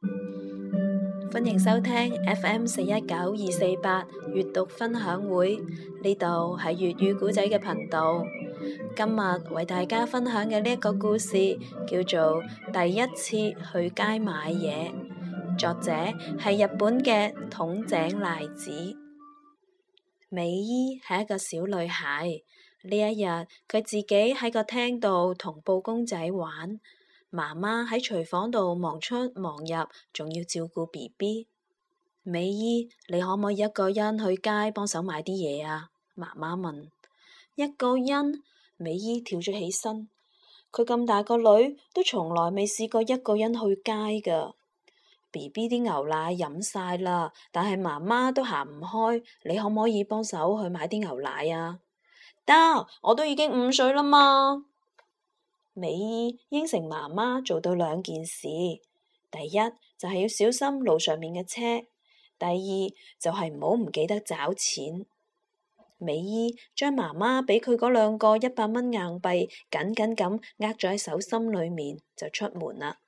歡迎收聽 FM 四一九二四八閱讀分享會，呢度係粵語古仔嘅頻道。今日為大家分享嘅呢一個故事叫做《第一次去街買嘢》，作者係日本嘅筒井賴子。美依係一個小女孩，呢一日佢自己喺個廳度同布公仔玩。媽媽喺廚房度忙出忙入，仲要照顧 BB。美依，你可唔可以一個人去街幫手買啲嘢啊？媽媽問。一個人？美依跳咗起身。佢咁大個女，都從來未試過一個人去街㗎。BB 啲牛奶飲晒啦，但係媽媽都行唔開。你可唔可以幫手去買啲牛奶啊？得，我都已經五歲啦嘛。美依應承媽媽做到兩件事，第一就係、是、要小心路上面嘅車，第二就係唔好唔記得找錢。美依將媽媽俾佢嗰兩個一百蚊硬幣緊緊咁握咗喺手心裏面就出門啦。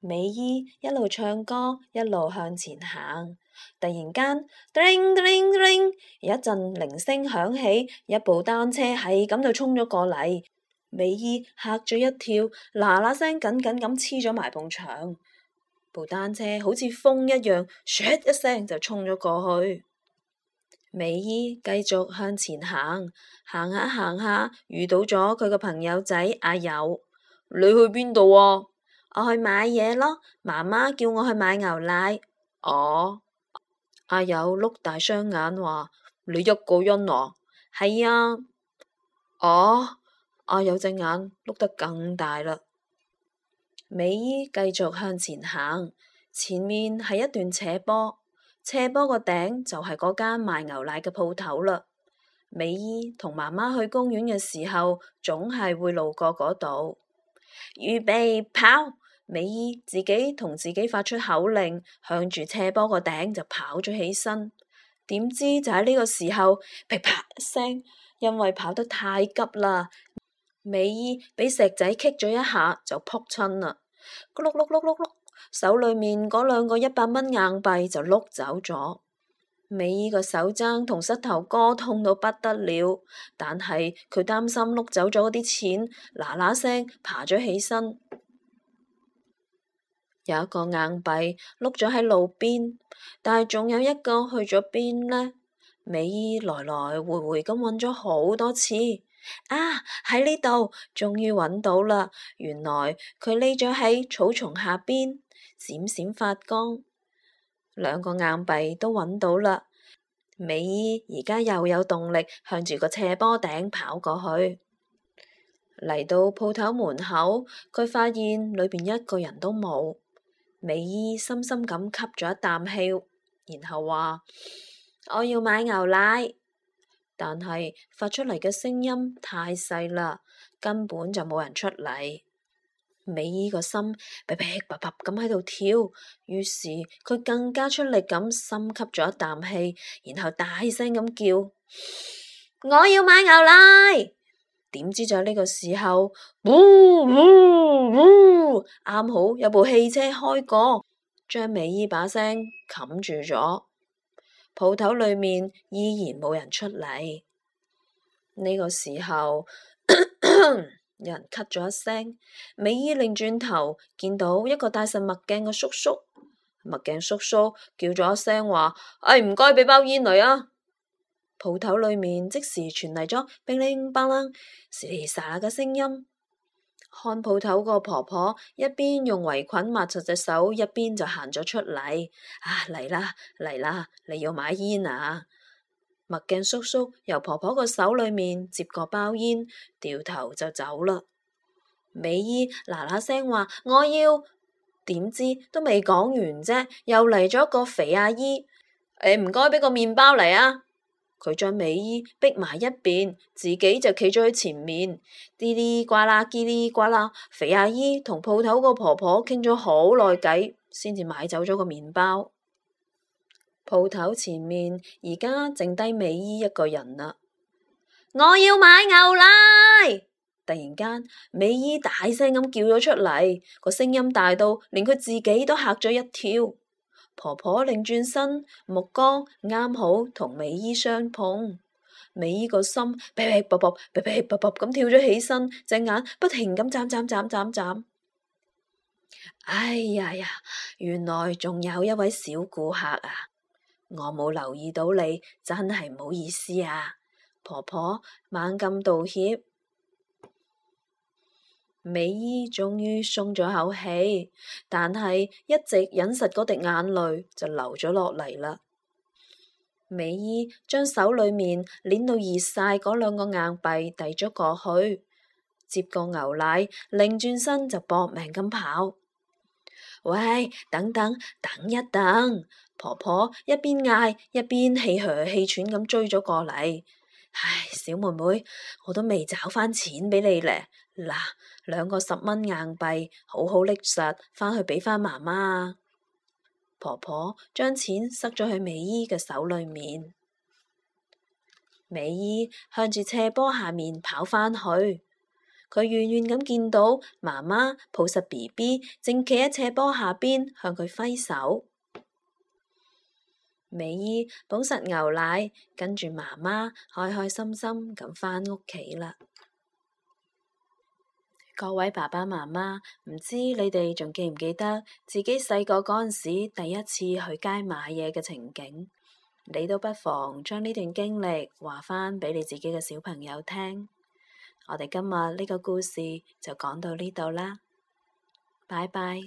美依一路唱歌，一路向前行。突然間，叮叮叮，叮一陣鈴聲響起，一部單車係咁就衝咗過嚟。美依嚇咗一跳，嗱嗱聲緊緊咁黐咗埋埲牆，部單車好似風一樣，唰一聲就衝咗過去。美依繼續向前行，行下行下遇到咗佢個朋友仔阿友，你去邊度啊？我去買嘢咯，媽媽叫我去買牛奶。哦，阿友碌大雙眼話：你一個人啊？係啊。哦。阿、啊、有隻眼碌得更大啦。美依繼續向前行，前面係一段斜坡，斜坡個頂就係嗰間賣牛奶嘅鋪頭啦。美依同媽媽去公園嘅時候，總係會路過嗰度。預備跑，美依自己同自己發出口令，向住斜坡個頂就跑咗起身。點知就喺呢個時候，噼啪一聲，因為跑得太急啦。美依俾石仔棘咗一下，就扑親啦！碌碌碌碌碌，手裏面嗰兩個一百蚊硬幣就碌走咗。美依個手踭同膝頭哥痛到不得了，但係佢擔心碌走咗嗰啲錢，嗱嗱聲爬咗起身。有一個硬幣碌咗喺路邊，但係仲有一個去咗邊呢？美依來來回回咁揾咗好多次。啊！喺呢度，終於揾到啦！原來佢匿咗喺草叢下邊，閃閃發光。兩個硬幣都揾到啦，美依而家又有動力向住個斜坡頂跑過去。嚟到鋪頭門口，佢發現裏邊一個人都冇。美依深深咁吸咗一啖氣，然後話：我要買牛奶。但係發出嚟嘅聲音太細啦，根本就冇人出嚟。美依個心噼噼啪啪咁喺度跳，於是佢更加出力咁深吸咗一啖氣，然後大聲咁叫：我要買牛奶。點知就喺呢個時候，嗚嗚嗚，啱好有部汽車開過，將美依把聲冚住咗。鋪頭裏面依然冇人出嚟。呢、這個時候，咳咳，有人咳咗一聲，美依擰轉頭見到一個戴上墨鏡嘅叔叔，墨鏡叔叔叫咗一聲話：，唉、哎，唔該，俾包煙嚟啊！鋪頭裏面即時傳嚟咗乒鈴乓啷、死哩撒啦嘅聲音。看鋪頭個婆婆一邊用圍裙抹擦隻手，一邊就行咗出嚟。啊，嚟啦嚟啦，你要買煙啊？墨鏡叔叔由婆婆個手裏面接過包煙，掉頭就走啦。美依嗱嗱聲話：我要，點知都未講完啫，又嚟咗個肥阿姨。誒、欸，唔該俾個麵包嚟啊！佢將美依逼埋一邊，自己就企咗喺前面，嘰哩呱啦嘰哩呱啦。肥阿姨同鋪頭個婆婆傾咗好耐偈，先至買走咗個麵包。鋪頭前面而家剩低美依一個人啦。我要買牛奶！突然間，美依大聲咁叫咗出嚟，個聲音大到連佢自己都嚇咗一跳。婆婆擰轉身，目光啱好同美依相碰，美依個心嗶嗶啵啵嗶嗶啵啵咁跳咗起身，隻眼不停咁眨眨眨眨眨。哎呀呀，原來仲有一位小顧客啊！我冇留意到你，真係唔好意思啊！婆婆猛咁道歉。美依終於鬆咗口氣，但係一直忍實嗰滴眼淚就流咗落嚟啦。美依將手裏面捻到熱晒嗰兩個硬幣遞咗過去，接過牛奶，擰轉身就搏命咁跑。喂，等等，等一等！婆婆一邊嗌，一邊氣嘘氣喘咁追咗過嚟。唉，小妹妹，我都未找返錢俾你呢。嗱，兩個十蚊硬幣，好好拎實，返去俾返媽媽。婆婆將錢塞咗去美依嘅手裏面，美依向住斜坡下面跑返去。佢遠遠咁見到媽媽抱實 BB，正企喺斜坡下邊向佢揮手。美依，捧實牛奶，跟住媽媽開開心心咁返屋企啦。各位爸爸媽媽，唔知你哋仲記唔記得自己細個嗰陣時第一次去街買嘢嘅情景？你都不妨將呢段經歷話返俾你自己嘅小朋友聽。我哋今日呢個故事就講到呢度啦，拜拜。